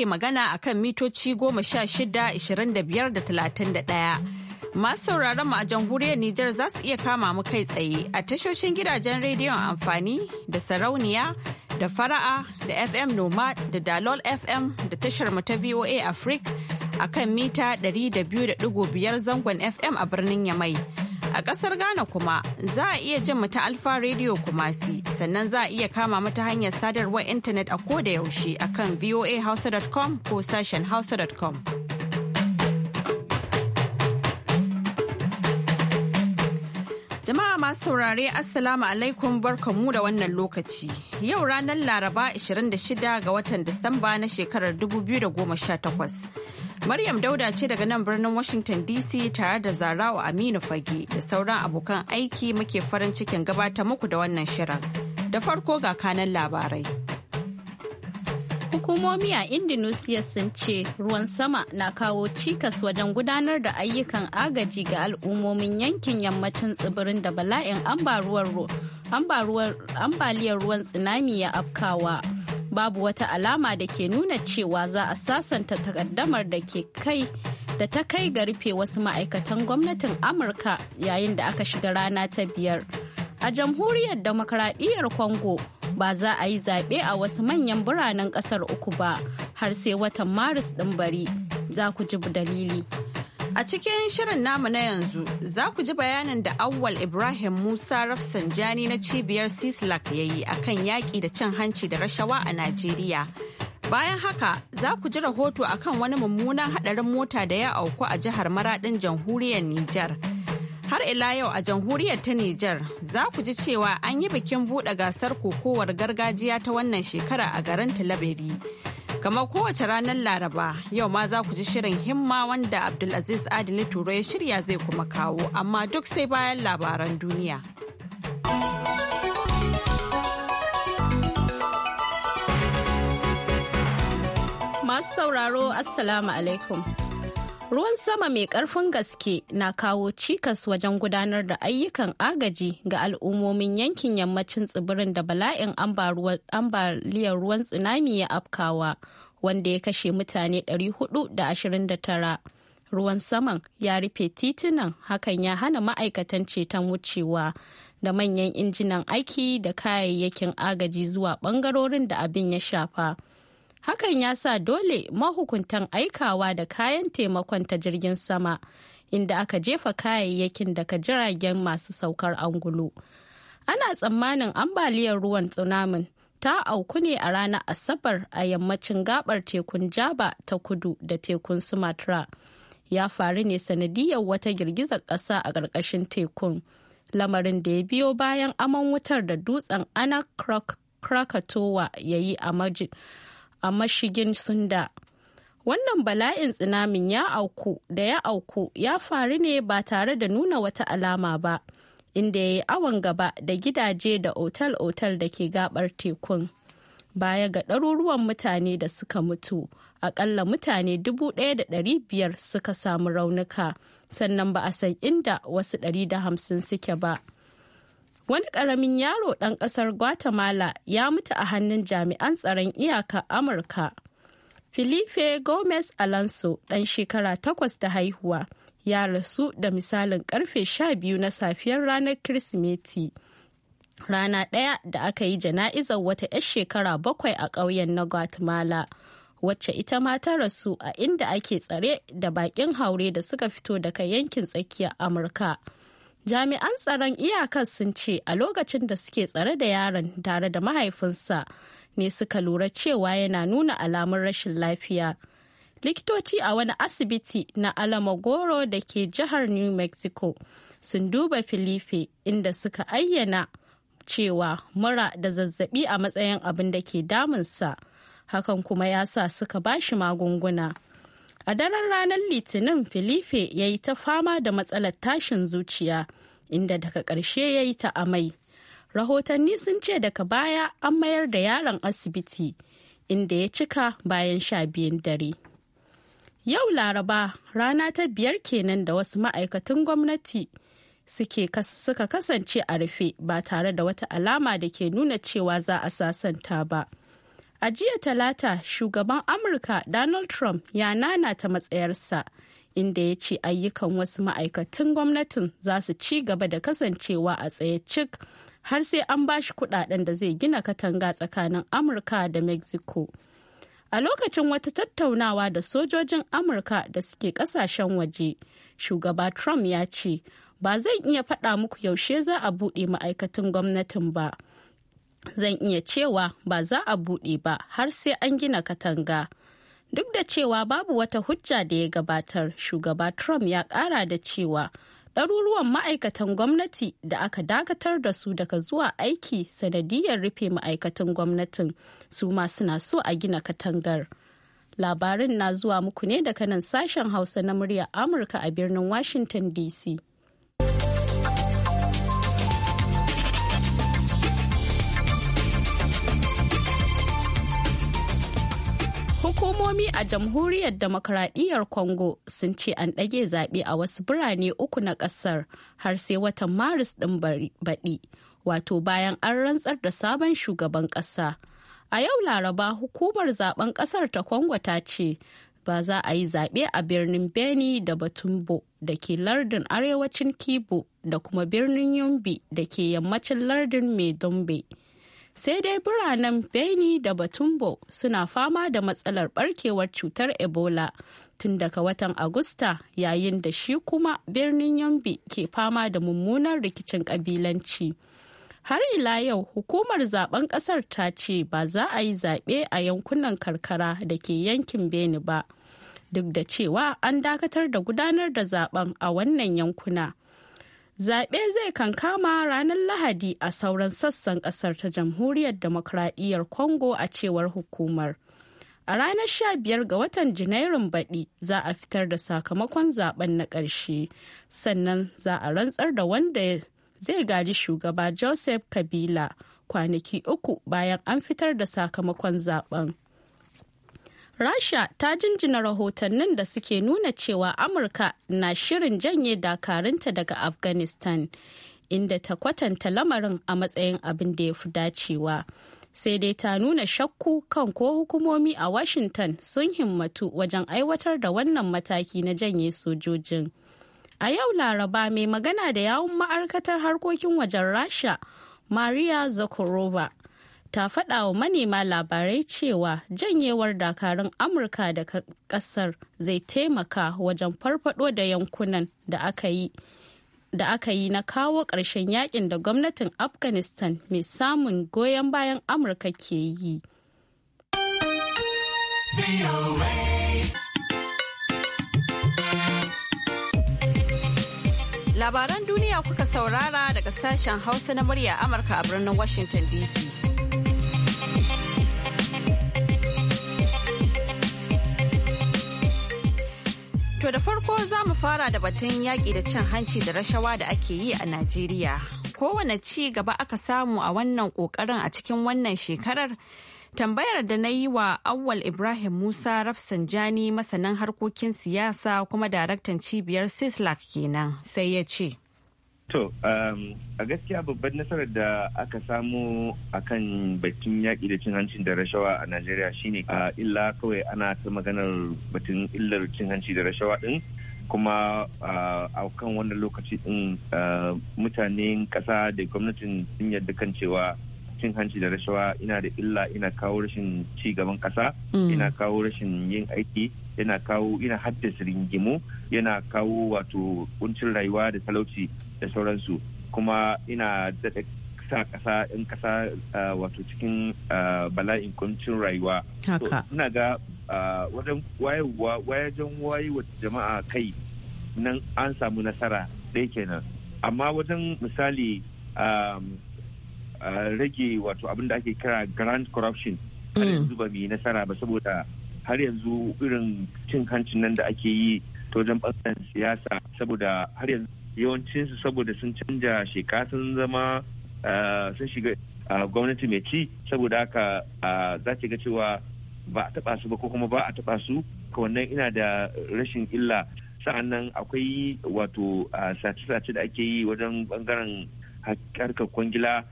ke magana a kan mitoci goma sha shida ishirin da biyar da ɗaya. Masu sauraron mu a jamhuriyar Nijar za su iya kama mu kai tsaye a tashoshin gidajen rediyon amfani da sarauniya da fara'a da FM Noma da Dalol FM da tashar mu ta VOA Africa a kan mita 200.5 zangon FM a birnin Yamai. A ƙasar Ghana kuma za a iya jin mu ta Alfa Radio Kumasi sannan za a iya kama mata hanyar sadarwar intanet a ko da yaushe akan voahausa.com ko sashen hausa.com. Jama'a masu saurare Assalamu alaikum barkanmu da wannan lokaci. Yau ranar Laraba 26 ga watan Disamba na shekarar 2018. Maryam Dauda ce daga nan birnin Washington DC tare da Zarawa Aminu Fage da sauran abokan aiki muke farin cikin gabata muku da wannan shirin. Da farko ga kanan labarai. Hukumomi a Indonesia sun ce ruwan sama na kawo cikas wajen gudanar da ayyukan agaji ga al'ummomin yankin yammacin tsibirin da bala'in ambaliyar ruwan tsunami ya afkawa. babu wata alama da ke nuna cewa za a sasanta takaddamar da ke kai da ta kai ga rufe wasu ma'aikatan gwamnatin amurka yayin da aka shiga rana ta biyar a jamhuriyar demokradiyyar congo ba za a yi zaɓe a wasu manyan biranen ƙasar uku ba har sai watan maris ɗin bari za ku ji dalili A cikin shirin namu na yanzu za ku ji bayanin da Awwal Ibrahim Musa Rafsanjani na cibiyar Sislak ya yi a kan yaƙi da cin hanci da rashawa a Najeriya. Bayan haka za ku ji rahoto a kan wani mummunan haɗarin mota da ya auku a jihar Maraɗin jamhuriyar Nijar. Har ila yau a jamhuriyar ta Nijar za ku ji cewa an yi bikin buɗe gasar kokowar gargajiya ta wannan shekara a garin Talabiri. Kamar kowace ranar Laraba, yau ma za ku ji shirin himma wanda Abdulaziz Adili Turo ya shirya zai kuma kawo, amma duk sai bayan labaran duniya. Masu sauraro, Assalamu alaikum. Ruwan sama mai ƙarfin gaske na kawo cikas wajen gudanar da ayyukan agaji ga al'ummomin yankin yammacin tsibirin da bala'in ambaliyar ruwan tsunami ya afkawa wanda ya kashe mutane 429. Ruwan saman ya rufe titunan hakan ya hana ma'aikatan ceton wucewa da manyan injinan aiki da kayayyakin agaji zuwa ɓangarorin da abin ya shafa. hakan ya sa dole mahukuntan aikawa da kayan taimakon ta jirgin sama inda aka jefa kayayyakin daga jiragen masu saukar angulu ana tsammanin ambaliyar ruwan tsunamin ta auku ne a ranar asabar a yammacin gabar tekun jaba ta kudu da tekun sumatra ya faru ne sanadiyar wata girgizar ƙasa a ƙarƙashin tekun lamarin da ya biyo bayan aman wutar da dutsen ana krakatowa ya yi a a mashigin sunda wannan bala'in tsinamin ya auku da ya auku ya faru ne ba tare da nuna wata alama ba inda ya yi awon gaba da gidaje da otal-otal da ke gabar tekun baya ga ɗaruruwan mutane da suka mutu akalla mutane 1,500 suka samu raunuka sannan ba a san inda wasu 150 suke ba. Wani ƙaramin yaro ɗan ƙasar Guatemala ya mutu a hannun jami'an tsaron iyaka Amurka. Felipe Gomez Alonso ɗan shekara takwas da haihuwa ya rasu da misalin karfe sha biyu na safiyar ranar Kirsimeti. Rana ɗaya da aka yi jana'izar wata 'yar shekara bakwai a ƙauyen na Guatemala. wacce ita ma ta rasu a inda ake tsare da baƙin haure da suka fito daga yankin tsakiyar amurka jami'an tsaron iyakar sun ce a lokacin da suke tsare da yaron tare da mahaifinsa ne suka lura cewa yana nuna alamun rashin lafiya likitoci a wani asibiti na alamogoro da ke jihar new mexico sun duba filife inda suka ayyana cewa mura da zazzabi a matsayin abin da ke damunsa hakan kuma ya sa suka bashi magunguna. A daren ranar Litinin filife ya yi ta fama da matsalar tashin zuciya, inda daga ƙarshe ya yi ta amai. Rahotanni sun ce daga baya an mayar da yaron asibiti, inda ya cika bayan sha biyun dare. Yau Laraba rana ta biyar kenan da wasu ma'aikatan gwamnati suka kasance a rufe ba tare da wata alama da ke nuna cewa za a sasanta ba. A jiya talata shugaban Amurka Donald Trump ya nanata matsayarsa inda ya ce ayyukan wasu ma'aikatan gwamnatin za su ci gaba da kasancewa a tsaye cik har sai an ba shi kudaden da zai gina katanga tsakanin Amurka da Mexico. A lokacin wata tattaunawa da sojojin Amurka da suke kasashen waje, shugaba Trump ya ce, ba zan iya faɗa muku yaushe za a buɗe ma'aikatan gwamnatin ba. zan iya cewa ba za a buɗe ba har sai an gina katanga. Duk da cewa babu wata hujja da ya gabatar, shugaba Trump ya ƙara da cewa ɗaruruwan ma'aikatan gwamnati da aka dakatar da su daga zuwa aiki sanadiyar rufe ma'aikatan gwamnatin su ma suna so a gina katangar. Labarin na zuwa muku ne daga nan sashen Hausa na murya Amurka a birnin Washington DC. Hukumomi a jamhuriyar demokradiyyar Congo sun ce an ɗage zaɓe a wasu birane uku na ƙasar har sai watan Maris ɗin baɗi, wato bayan an rantsar da sabon shugaban ƙasa. A yau Laraba hukumar zaben ƙasar ta Congo ta ce ba za a yi zaɓe a birnin Beni da Batumbo da ke lardin arewacin Kibo da kuma birnin Yumbi da ke yammacin lardin Medombe. sai dai biranen beni da batumbo suna fama da matsalar barkewar cutar ebola tun daga watan agusta yayin da shi kuma birnin yambi ke fama da mummunan rikicin kabilanci har ila yau hukumar zaben kasar ta ce ba za a yi zaɓe a yankunan karkara da ke yankin beni ba duk da cewa an dakatar da gudanar da zaben a wannan yankuna Zaɓe zai kankama ranar Lahadi a sauran sassan ƙasar ta Jamhuriyar Demokradiyyar Congo a cewar hukumar. A ranar 15 ga watan Janairun baɗi za a fitar da sakamakon zaben na ƙarshe, sannan za a rantsar da wanda zai gaji shugaba Joseph Kabila kwanaki uku bayan an fitar da sakamakon zaben. Rasha ta jinjina rahotannin da suke nuna cewa Amurka na shirin janye dakarunta daga Afghanistan, inda ta kwatanta lamarin a matsayin abin da ya fi dacewa. Sai dai ta nuna shakku kan ko hukumomi a Washington sun himmatu wajen aiwatar da wannan mataki na janye sojojin. A yau Laraba mai magana da yawun ma'aikatar harkokin wajen Rasha, Maria Zakharova. ta faɗa wa manema labarai cewa janyewar dakarun amurka daga ƙasar zai taimaka wajen farfaɗo da yankunan da aka yi da aka yi na kawo ƙarshen yakin da gwamnatin afghanistan mai samun goyon bayan amurka ke yi labaran duniya kuka saurara daga sashen hausa na murya amurka a birnin washington dc To da farko za mu fara da batun yaƙi da cin hanci da rashawa da ake yi a Najeriya. Kowane ci gaba aka samu a wannan ƙoƙarin a cikin wannan shekarar. Tambayar da na yi wa Awwal Ibrahim Musa Rafsanjani masanin harkokin siyasa kuma daraktan cibiyar Sislak kenan sai ya ce. To, um, a gaskiya babban nasarar da aka samu a kan batun yaƙi da cin hanci da rashawa a Najeriya shine a illa kawai ana ta maganar batun illar cin hanci da rashawa ɗin kuma a kan wannan lokaci ɗin mutanen ƙasa da gwamnatin sun yadda kan cewa cin hanci da rashawa ina da illa ina kawo rashin ci gaban ƙasa mm. ina kawo rashin yin aiki yana kawo ina haddasa ringimu yana kawo wato kuncin rayuwa da talauci da sauransu kuma ina daɗa sa ƙasa in ƙasa ah, wato cikin ah, bala'in kuncin rayuwa ina ga ah, wajen wayewa jama'a kai nan an samu nasara ɗaya kenan amma wajen misali rage wato abin da ake kira grand corruption har mm. yanzu ba mai nasara ba saboda har yanzu irin cin hancin nan da ake yi ta wajen ɓangaren siyasa saboda har yanzu yawancinsu saboda sun canja sheka sun zama sun shiga gwamnati mai ci saboda haka za ga cewa ba a taba su ba ko kuma ba a taba su ka wannan ina da rashin illa sa'annan akwai wato sace-sace da ake yi wajen bangaren harkar kwangila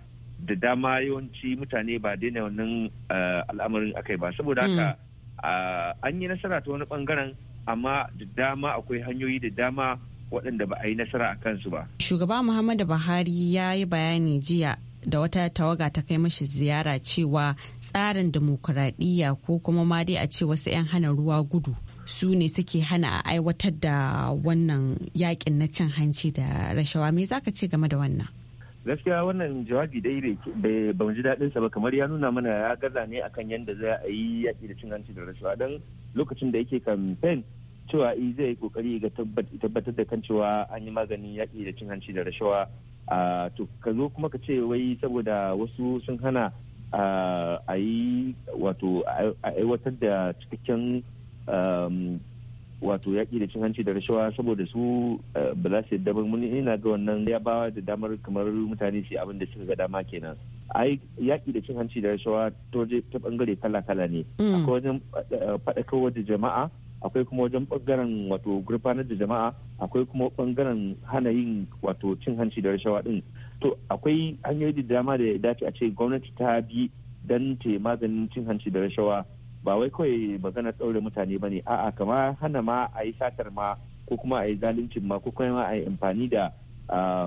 da dama yawanci mutane ba daina wannan al'amarin akai ba saboda haka mm. an yi nasara ta wani bangaren amma da dama akwai hanyoyi da dama waɗanda ba a yi nasara a kansu ba. Shugaba Muhammadu Buhari ya yi bayani jiya da wata tawaga ta kai mashi ziyara cewa tsarin demokuraɗiyya ko kuma ma dai a ce wasu 'yan hana ruwa gudu su ne suke hana a aiwatar da wannan yakin na cin hanci da rashawa me zaka ce game da wannan gaskiya wannan jawabi dai ba mu ji daɗin sa ba kamar ya nuna mana ya gaza ne akan yadda za a yi yaƙi da cin hanci da rashawa don lokacin da yake kamfen cewa i eh, zai kokari ga tabbatar da kan cewa an yi maganin yaƙi da cin hanci da rashawa to ka zo kuma ka ce wai saboda wasu sun hana a yi wato aiwatar da cikakken um, wato yaƙi da cin hanci da rashawa saboda su ba za su yadda mun ina ga wannan ya bawa da damar kamar mutane su abin da suka ga dama kenan ai yaki da cin hanci da rashawa ta bangare kala kala ne hmm. akwai wajen da jama'a akwai kuma wajen bangaren wato gurfanar da jama'a akwai kuma bangaren hana yin wato cin hanci da rashawa din to akwai hanyoyi da dama da ya dace a ce gwamnati ta bi dan ta maganin cin hanci da rashawa ba wai kawai magana ɗaure mutane ba ne a'a kama hana ma a yi satar ma ko kuma a yi zaluncin ma ko kuma a yi amfani da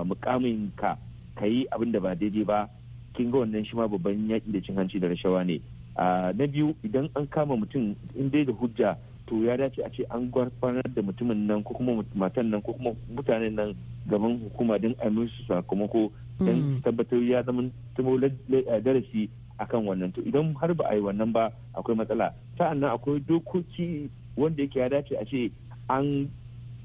mukamin ka ka yi abin da ba daidai ba kin ga wannan shi ma babban yaƙi da cin hanci da rashawa ne na biyu idan an kama mutum in dai da hujja to ya dace a ce an gwarfanar da mutumin nan ko kuma matan nan ko kuma mutanen nan gaban hukuma don a musu sakamako don mm. tabbatar ya zama tumo eh, darasi akan wannan to idan har ba a yi wannan ba akwai matsala sa'annan nan akwai dokoki wanda yake ya dace a ce an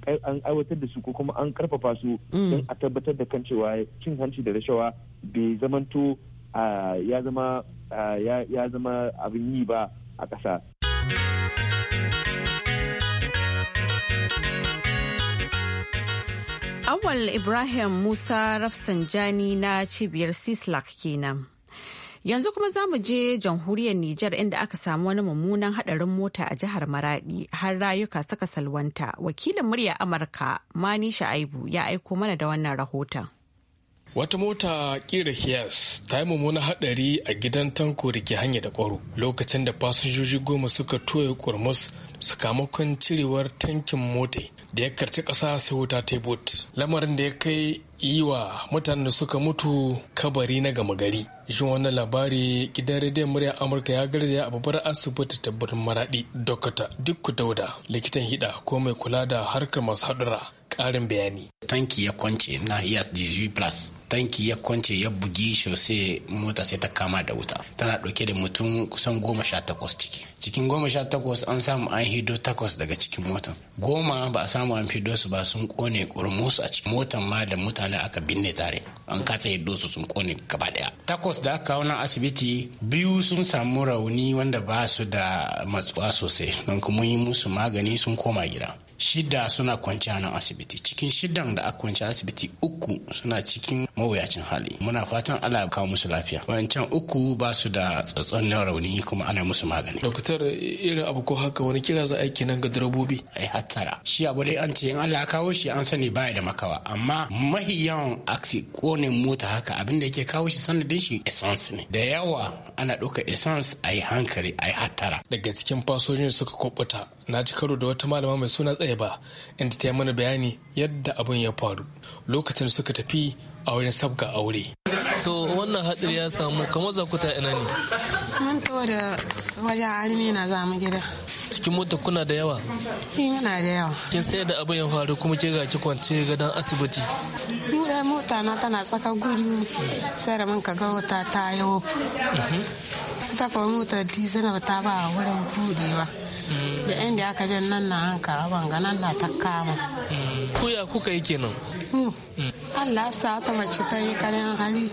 an aiwatar da su ko kuma an karfafa su mm. don a tabbatar da kan cewa cin hanci da rashawa bai zamanto ah, ah, ya zama abin yi ba a ƙasa Awal Ibrahim Musa Rafsanjani na cibiyar Sislak kenan. Yanzu kuma za mu je jamhuriyar Nijar inda aka samu wani mummunan hadarin mota a jihar Maradi har rayuka saka salwanta. Wakilin murya Amurka Mani Sha'aibu ya aiko mana da wannan rahoton. wata mota kira hiyas ta yi mummuna hadari a gidan tanko da ke hanya da kwaro lokacin da fasinjoji goma suka toye kurmus sakamakon cirewar tankin mota da ya karci ƙasa sai wuta ta bot lamarin da ya kai yi wa mutanen da suka mutu kabari na gama gari shin wannan labari gidan rediyon murya amurka ya garzaya a babbar asibiti ta birnin maradi dokta dukku dauda likitan hida ko mai kula da harkar masu hadura ƙarin bayani. Tanki ya kwance na ES GZV Plus. Tanki ya kwance ya bugi shose mota sai ta kama da wuta. Tana ɗauke da mutum kusan goma sha takwas ciki. Cikin goma sha takwas an samu an hido takwas daga cikin motan. Goma ba a samu an fido su ba sun kone kurmusu a cikin motan ma da mutane aka binne tare. An kasa hido su sun kone gaba ɗaya. Takwas da aka hau na asibiti biyu sun samu rauni wanda ba su da matsuwa sosai. Don kuma yi musu magani sun koma gida. shida suna kwanciya a nan asibiti cikin shidan da aka kwanci asibiti uku suna cikin mawuyacin hali muna fatan ala ya kawo musu lafiya wancan uku ba su da tsatson rauni kuma ana musu magani doktor irin abu ko haka wani kira za aiki nan ga direbobi ai hattara shi abu dai an ce in Allah ya kawo shi an sani baya da makawa amma mahi yawan aksi kone mota haka abin da yake kawo shi sanadin shi essence ne da yawa ana ɗauka essence a yi hankali a yi hattara daga cikin fasojin suka kwabuta na ci karo da wata malama mai suna tsaye ba inda ta yi mana bayani yadda abin ya faru lokacin suka tafi a wurin sabga aure. To wannan hadiri ya samu kamar zakuta ina ne? Mun to da wajen armi na zamu gida. Cikin mota kuna da yawa? Ki eh, muna da yawa. Kin sai da abin ya faru kuma ke ga ki kwance gadon asibiti. Mu da mota na tana tsaka guri sai da mun ka ga wata ta yawo. Mhm. Ta kawo mota dizana ba ta ba wurin kudewa da inda aka bin nan na hanka a ga na ta kama kuya kuka yi kenan hmm. Allah sa ta mace ta yi karyar hali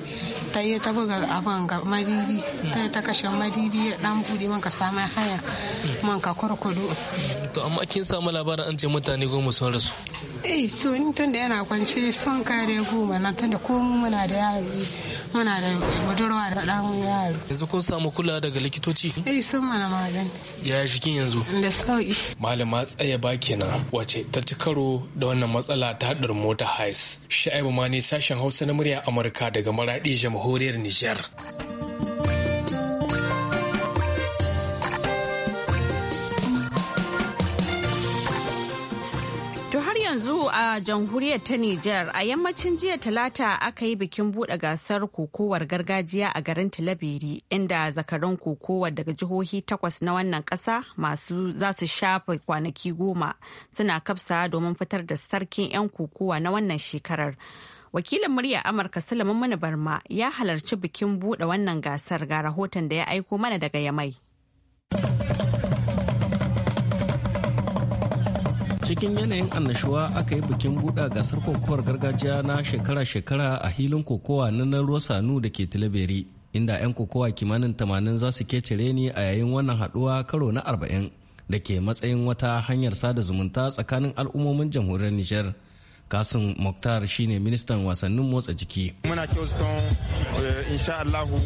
ta yi ta buga abin ga madibi hmm. ta yi ta kashe madibi ya dan budi manka samun haya hmm. manka ka kurkudu to amma kin samu labarin an ce mutane goma sun rasu eh to ni tun da yana kwance son kare goma na tun da ko muna da yari muna da budurwa da dan yaro yanzu kun samu kula daga likitoci eh sun mana magani ya shikin yanzu da sauki malama tsaye ba kenan wace ta ci karo da wannan matsala ta haɗar mota hais sha'ibu mani sashen hausa na murya amurka daga maraɗi jamhuriyar nijar yanzu a jamhuriyar ta Nijar a yammacin jiya talata aka yi bikin buɗe gasar kokowar gargajiya a garin Talabiri inda zakaran kokowar daga jihohi takwas na wannan kasa masu za su shafa kwanaki goma suna kafsa domin fitar da sarkin 'yan kokowa na wannan shekarar. Wakilin murya Amurka Sulaiman Mani Barma ya halarci bikin buɗe wannan gasar ga rahoton da ya aiko mana daga Yamai. cikin yanayin annashuwa aka yi bikin buɗa gasar kokowar gargajiya na shekara-shekara a hilin kokowa na nan sanu da ke tilaberi inda 'yan kokowa kimanin tamanin za su kecire ni a yayin wannan haɗuwa karo na arba'in da ke matsayin wata hanyar sada zumunta tsakanin al'ummomin jamhuriyar nijar kasun muktar shine ministan wasannin motsa jiki muna kyauton eh, insha allahu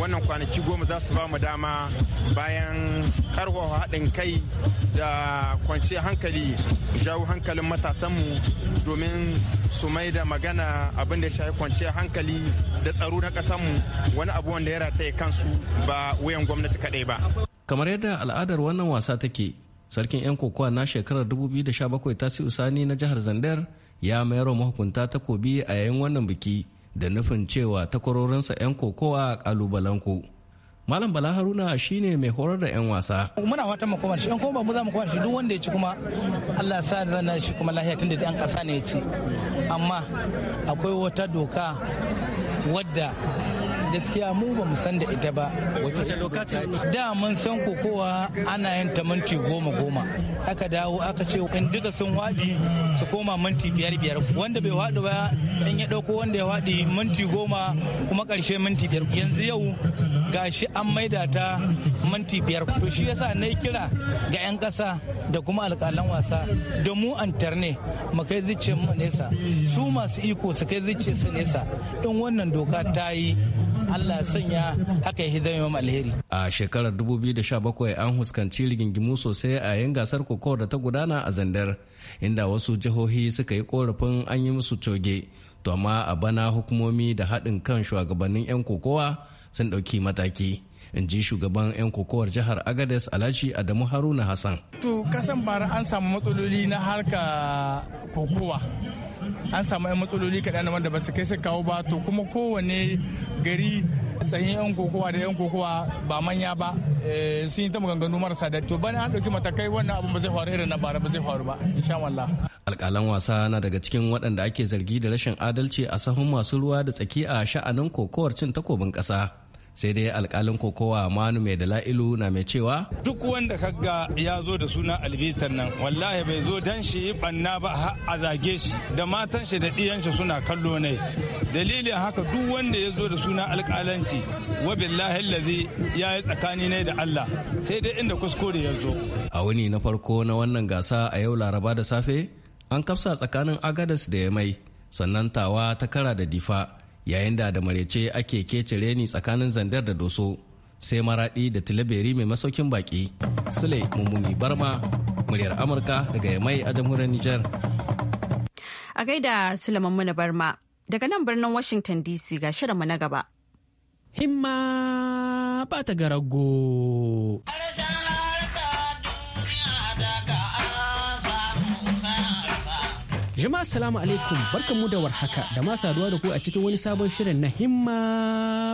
wannan kwanaki goma za su ba mu dama bayan karfafa haɗin kai da kwanciyar hankali jawo hankalin matasanmu domin su mai da magana abin da shafi kwanciyar hankali da tsaro na mu wani abu wanda ya rataye kansu ba wuyan gwamnati kaɗai ba. Kamar yadda al'adar wannan wasa take, sarkin 'yan kokowa na shekarar 2017 Tasi'u Sani na jihar Zandar ya mayar wa mahukunta takobi a yayin wannan biki da nufin cewa takwarorinsa 'yan kokowa kalubalanku. Malam Bala Haruna shine mai horar da 'yan wasa. Muna fatan mu koma shi, kuma mu za mu koma shi duk wanda ya ci kuma Allah ya sa da zan shi kuma lafiya tunda da 'yan ƙasa ne ya ci. Amma akwai wata doka wadda gaskiya mu ba mu san da ita ba da mun san kokowa ana yin ta minti goma goma aka dawo aka ce in duka sun wadi su koma minti biyar biyar wanda bai wadi ba in ya dauko wanda ya wadi minti goma kuma karshe minti biyar yanzu yau gashi an maida ta minti biyar to shi yasa na kira ga 'yan kasa da kuma alƙalan wasa da mu antarne mu kai zuciyar mu nesa su masu iko su kai zuciyar su nesa in wannan doka ta yi Allah ya sanya haka ya hidan alheri. A shekarar 2017 an huskanci rigingimu sosai a yan gasar koko da ta gudana a Zandar inda wasu jihohi suka yi korafin an yi musu coge. To amma a bana hukumomi da haɗin kan shugabannin 'yan kokowa sun ɗauki mataki. in ji shugaban 'yan kokowar jihar agades alhaji adamu haruna hassan to kasan bara an samu matsaloli na harka kokowa an samu 'yan matsaloli kaɗan wanda ba su kai su kawo ba to kuma kowane gari tsayin 'yan kokowa da 'yan kokowa ba manya ba eh, sun yi ta maganganu marasa da to bana an ɗauki matakai wannan abin ba zai faru irin na bara ba zai faru ba insha Allah. alƙalan wasa na daga cikin waɗanda ake zargi da rashin adalci a sahun masu ruwa da tsaki a sha'anin kokowar cin takobin ƙasa sai dai alkalin kokowa manu mai da la'ilu na mai cewa duk wanda kaga ya zo da suna albitar nan wallahi bai zo dan shi yi banna ba a zage shi da matan shi da ɗiyan shi suna kallo ne dalilin haka duk wanda ya zo da suna alkalanci wa billahi allazi ya yi tsakani ne da Allah sai dai inda kuskure ya zo a wani na farko na wannan gasa a yau laraba da safe an kafsa tsakanin agadas da ya mai sannan tawa ta kara da difa yayin da da marece ake kece reni tsakanin zandar da doso sai maradi da tilaberi mai masaukin baki sule mummuni barma muryar amurka daga yamai a jamhuriyar niger a gaida suleiman muna barma daga nan birnin washington dc ga shirinmu na gaba himma ba ta garago Jama'a salamu alaikum mu da warhaka da ma saduwa da ku a cikin wani sabon shirin na himma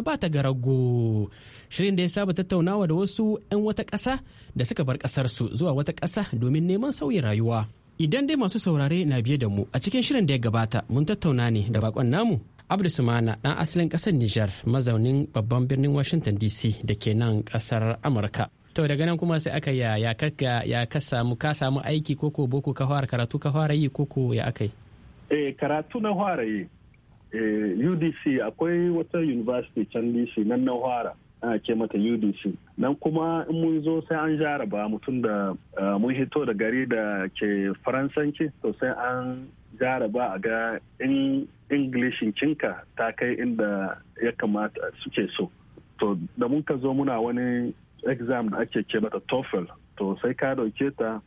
ba ta garago. Shirin da ya saba tattaunawa da wasu 'yan wata ƙasa da suka bar ƙasarsu zuwa wata ƙasa domin neman sauyin rayuwa. Idan dai masu saurare na biye da mu a cikin shirin da ya gabata mun tattauna ne da bakon namu. Abdu Sumana ɗan asalin ƙasar Nijar mazaunin babban birnin Washington DC da ke nan ƙasar Amurka. to daga nan kuma sai aka ya ya ya ka samu ka samu aiki koko boko ka fara karatu ka fara yi koko ya akai eh karatu na fara yi eh UDC akwai wata university can DC nan na fara ana ce mata UDC nan kuma in mun zo sai an jaraba mutum da eh, mun hito da gari da ke faransanci to sai an jaraba a ga in ingilishin cinka ta kai inda ya kamata suke so to da mun ka zo muna wani exam da ake ce mata TOEFL to sai ka dauke ta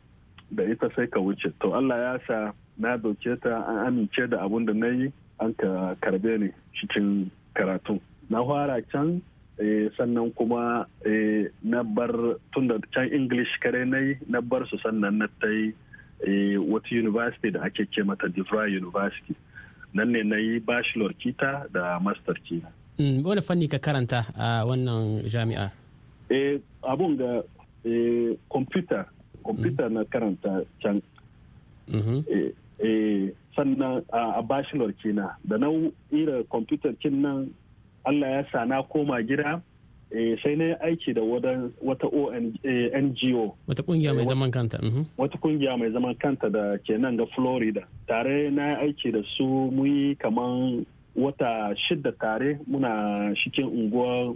da ita sai ka wuce to Allah ya sa na dauke ta an amince da abun da nayi yi an ka karbe ni cikin karatu na fara can eh, sannan kuma eh, na bar tun da can english kare nayi na bar su sannan na ta yi eh, wata university da ake ce mata DeVry University nan ne na yi bachelor kita da master kita. Hmm, wani fanni ka karanta a wannan jami'a? eh abun ga kwamfuta kwamfuta na karanta can mhm. e, e, sannan a bachelor kina da na ira kwamfutar kin nan allah ya sa na koma gida e, sai na aiki da wata ngo wata kungiya mai zaman kanta mhm. wata kungiya mai zaman kanta da ke nan ga florida tare na aiki da su muyi kaman wata shidda tare muna cikin unguwar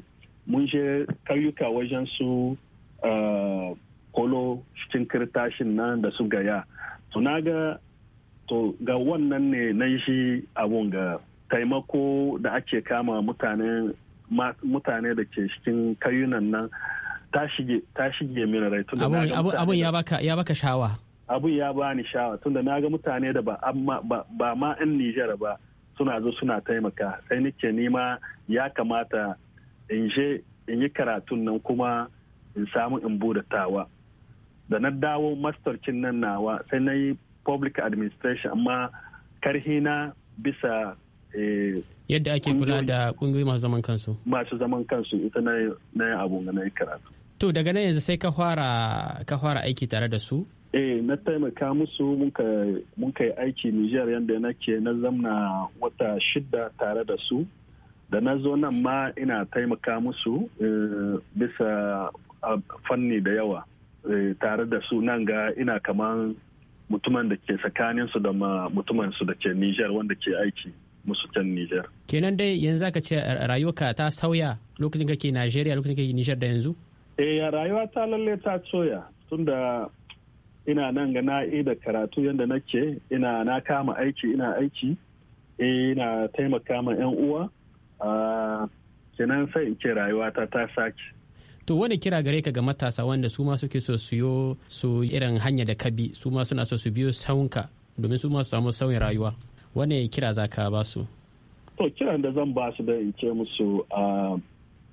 mun je ƙauyuka wajen su kolo eh, cikin kirtashin nan da su gaya to na ga to ga wannan ne na shi abun ga taimako da ake kama mutane mutane da ke cikin kayunan nan ta shige mina rai tunda abun ya baka ya shawa abun ya ba ni shawa tunda na ga mutane da ba ba ma in Nijar ba suna zo suna taimaka sai nike nima ya kamata in je in yi karatun nan kuma in samu in bude tawa da na dawo mastarcin nan nawa sai na yi public administration amma karhi na bisa eh, yadda ake kula da kungiyoyi masu zaman kansu masu zaman kansu ita na yi abu na yi karatu to daga nan yanzu sai ka fara aiki tare da su eh na taimaka musu mun kai aiki nijar yadda nake na zamna wata shida tare da su da na zo nan ma ina taimaka musu eh, bisa fanni da yawa eh, tare da su nan ga ina kaman mutumin da ke tsakaninsu da su da ke Nijar wanda ke aiki musu can Nijar. Kenan dai yanzu aka ce rayuwarka ta sauya lokacin kake Najeriya lokacin kake Nijar da yanzu? Eh rayuwa ta lalle ta soya tunda ina nan ga na'i da karatu yadda nake ina na kama aiki ina aiki eh, ina taimaka ma 'yan uwa kenan sai in ce rayuwata ta sake to wani kira gare ka ga matasa wanda su ma suke so su yo su irin hanya da kabi su ma suna so su biyo saunka domin su ma su samu sauyin rayuwa wani kira za ka ba su to kiran da zan ba su da in ce musu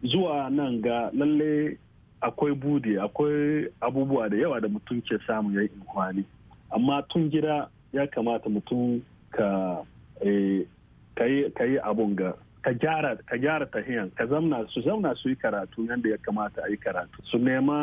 zuwa nan ga lalle akwai budi akwai abubuwa da yawa da mutum ke samu ya yi kwani. amma tun gida ya kamata mutum ka eh, ka yi abun ga ka gyara ka gyara tahiyan ka zamna su zauna su yi karatu yadda ya kamata a yi karatu su nema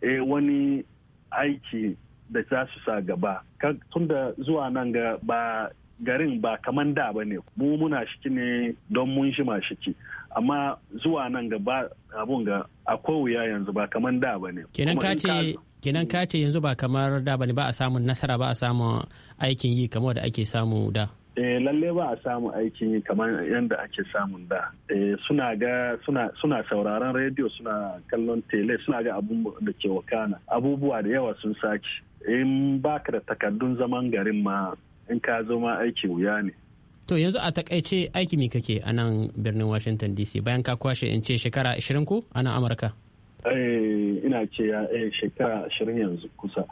eh, wani aiki da za su sa gaba tunda zuwa nan ga ba garin ba kaman da ba ne mu muna shiki ne don mun shima shiki amma zuwa nan ga ba abun ga akwai wuya yanzu ba kaman da ba ne kenan yanzu ba kamar da ba ne ba a samun nasara ba a samun aikin yi kamar da ake samu da eh lalle ba a samu aikin yi kamar yadda ake samun da eh suna ga suna sauraron rediyo suna kallon tele suna ga abun da ke wakana abubuwa da yawa sun saki in baka da takardun zaman garin ma in ka zo ma aiki wuya ne to yanzu a takaice aiki mi kake a nan birnin washington dc bayan ka kwashe in ce shekara 20 ko a nan amurka eh, ina ce ya eh, shekara 20 yanzu kusa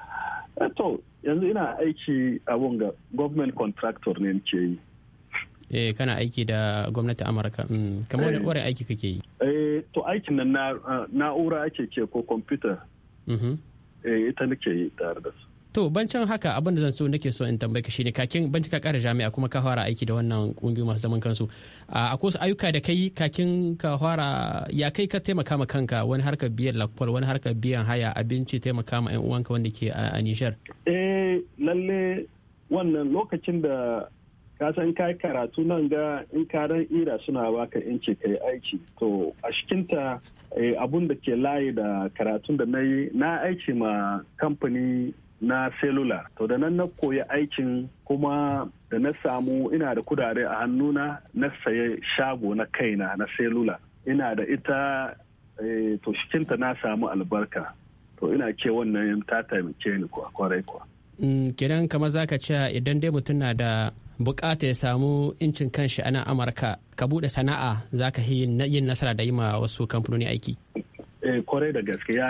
Eh, to yanzu ina aiki a wanga government contractor ne ke yi eh kana aiki da gwamnati amurka mm, kamar eh. wani wurin aiki kake yi eh to aikin nan ah, na'ura ake ce ko computer mm-hmm. eh, ita nake yi tare da su to bancin haka abin da zan so nake so in tambaye ka shine kakin bancin ka kara jami'a kuma ka fara aiki da wannan kungiyoyi masu zaman kansu akwai wasu ayyuka da kai kakin ka fara ya kai ka taimaka ma kanka wani harkar biyan lakwal wani harkar biyan haya abinci taimaka ma 'yan uwanka wanda ke a Nijar. eh lalle wannan lokacin da ka san ka karatu nan ga in karan ira suna baka in ka yi aiki to a cikinta eh, abun da ke layi da karatun da na yi na aiki ma kamfani na cellular to da nan na koya aikin kuma da na samu ina da kudare a hannuna na saye shago na kaina na cellular ina da ita e, to shikinta na samu albarka to ina ke wannan ta taimake ni kwarai kwa mm, kenan kamar zaka ce idan dai mutum na da bukata ya samu incin kanshi a nan amurka ka bude sana'a za ka yin nasara da yi ma wasu kamfanoni aiki eh, kwarai da gaske ya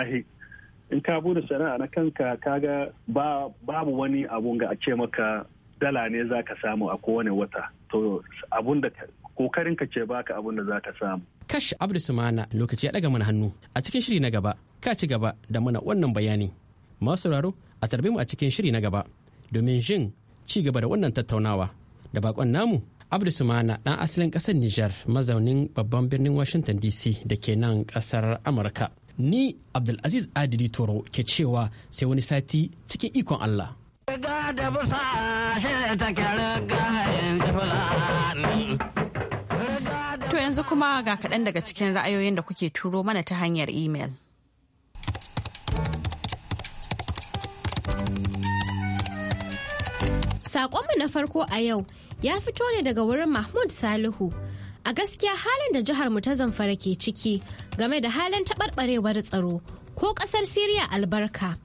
in ka bude sana'a na kanka kaga ba babu wani abun ga a ce maka dala ne za ka samu a kowane wata to abun da kokarin ka ce baka abun da za ka samu kash abdu sumana lokaci ya daga mana hannu a cikin shiri na gaba ka ci gaba da mana wannan bayani masu sauraro a tarbe mu a cikin shiri na gaba domin jin ci gaba da wannan tattaunawa da bakon namu abdu sumana dan asalin kasar niger mazaunin babban birnin washington dc da ke nan kasar amurka ni abdulaziz adili toro ke cewa sai wani sati cikin ikon allah To yanzu kuma ga kaɗan daga cikin ra'ayoyin da kuke turo mana ta hanyar imel. Saƙonmu na farko a yau ya fito ne daga wurin Mahmud Salihu. A gaskiya halin da jihar mu ta zamfara ke ciki game da halin taɓarɓarewar tsaro ko ƙasar Siriya albarka.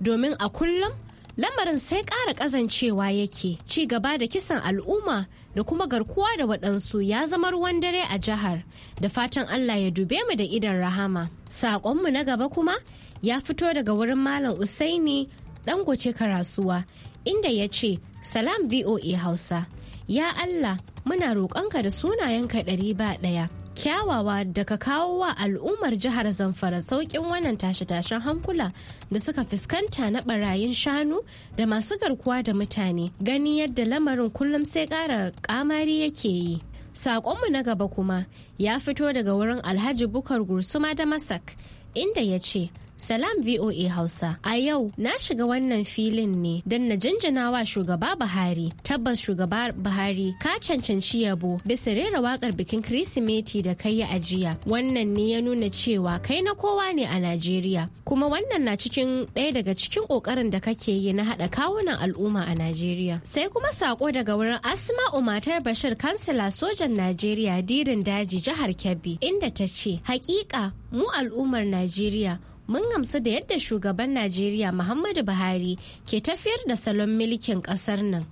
Domin a kullum lamarin sai ƙara ƙazancewa yake ci gaba da kisan al'umma da kuma garkuwa da waɗansu ya zama ruwan dare a jihar da fatan Allah ya dube mu da idan rahama. Saƙonmu na gaba kuma ya fito daga wurin Malam Usaini gwace Karasuwa inda ya ce Salam VOA Hausa. Ya Allah, muna roƙonka da sunayenka ɗari ba ɗaya. Kyawawa da ka kawo wa al'ummar jihar Zamfara sauƙin wannan tashe-tashen hankula da suka fuskanta na barayin shanu da masu garkuwa da mutane, gani yadda lamarin kullum sai ƙara ƙamari yake yi. Saƙonmu na gaba kuma ya fito daga wurin Alhaji Bukar Gursuma da Masak, inda ya ce, Salam VOA Hausa. A yau na shiga wannan filin ne don na jinjina wa shugaba Buhari. Tabbas shugaba Buhari ka cancanci yabo bisa rera wakar bikin Kirsimeti da kai a jiya. Wannan ne ya nuna cewa kai na kowa ne a Najeriya. Kuma wannan na cikin ɗaya daga cikin ƙoƙarin da kake yi na haɗa kawunan al'umma a Najeriya. Sai kuma sako daga wurin Asma'u matar Bashir kansila sojan Najeriya dirin daji jihar Kebbi inda ta ce, "Hakika mu al'ummar Najeriya mun gamsu da yadda shugaban najeriya muhammadu buhari ke tafiyar da salon mulkin kasar nan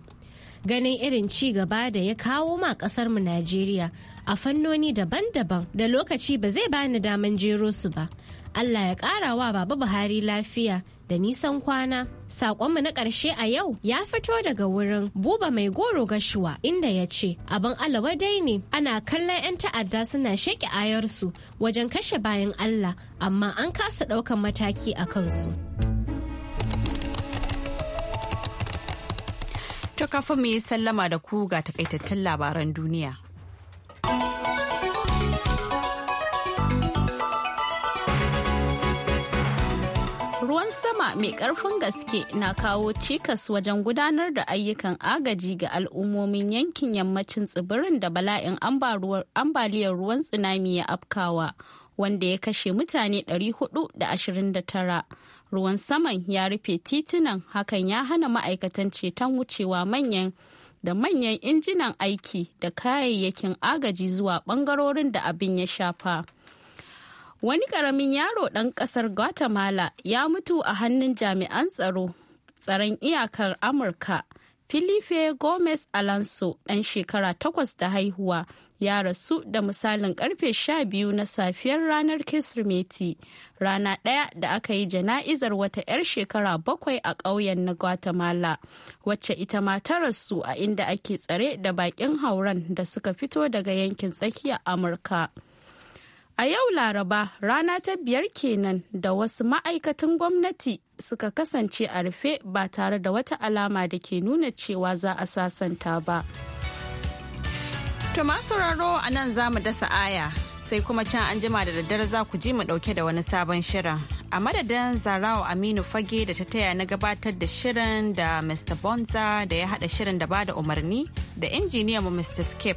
ganin irin ci gaba da ya kawo ma kasar mu najeriya a fannoni daban-daban da lokaci ba zai bani daman jero su ba allah ya ƙara wa baba buhari lafiya da nisan kwana. saƙonmu na ƙarshe a yau ya fito daga wurin buba mai goro gashuwa inda ya ce abin alawa dai ne ana kallon 'yan ta'adda suna sheƙi ayarsu wajen kashe bayan Allah amma an kasa ɗaukan mataki a kansu. To kafin mu sallama da ku ga takaitattun labaran duniya. ruwan sama mai karfin gaske na kawo cikas wajen gudanar da ayyukan agaji ga al'ummomin yankin yammacin tsibirin da bala'in ambaliyar ruwan tsunami ya afkawa wanda ya kashe mutane 429 ruwan saman ya rufe titunan hakan ya hana ma'aikatan ceton wucewa manyan da manyan injinan aiki da kayayyakin agaji zuwa bangarorin da abin ya shafa. wani karamin yaro ɗan ƙasar guatemala ya mutu a hannun jami'an tsaro tsaron iyakar amurka filipe gomez alonso ɗan shekara takwas da haihuwa ya rasu da misalin karfe 12 na safiyar ranar kirsimeti rana ɗaya da aka yi jana'izar wata 'yar shekara bakwai a ƙauyen na guatemala wacce ita ma ta rasu a inda ake tsare da baƙin hauran da suka fito daga yankin tsakiyar amurka A yau Laraba rana ta biyar kenan da wasu ma'aikatan gwamnati suka kasance a rufe ba tare da wata alama da ke nuna cewa za a sasanta ba. To sauraro a nan za mu dasa aya sai kuma can an jima da daddare za ku ji mu dauke da wani sabon shirin. A madadin Zarawa Aminu Fage da ta taya na gabatar da shirin da Mr. Bonza da ya haɗa shirin da ba da umarni da injiniyanmu Mr. Skip.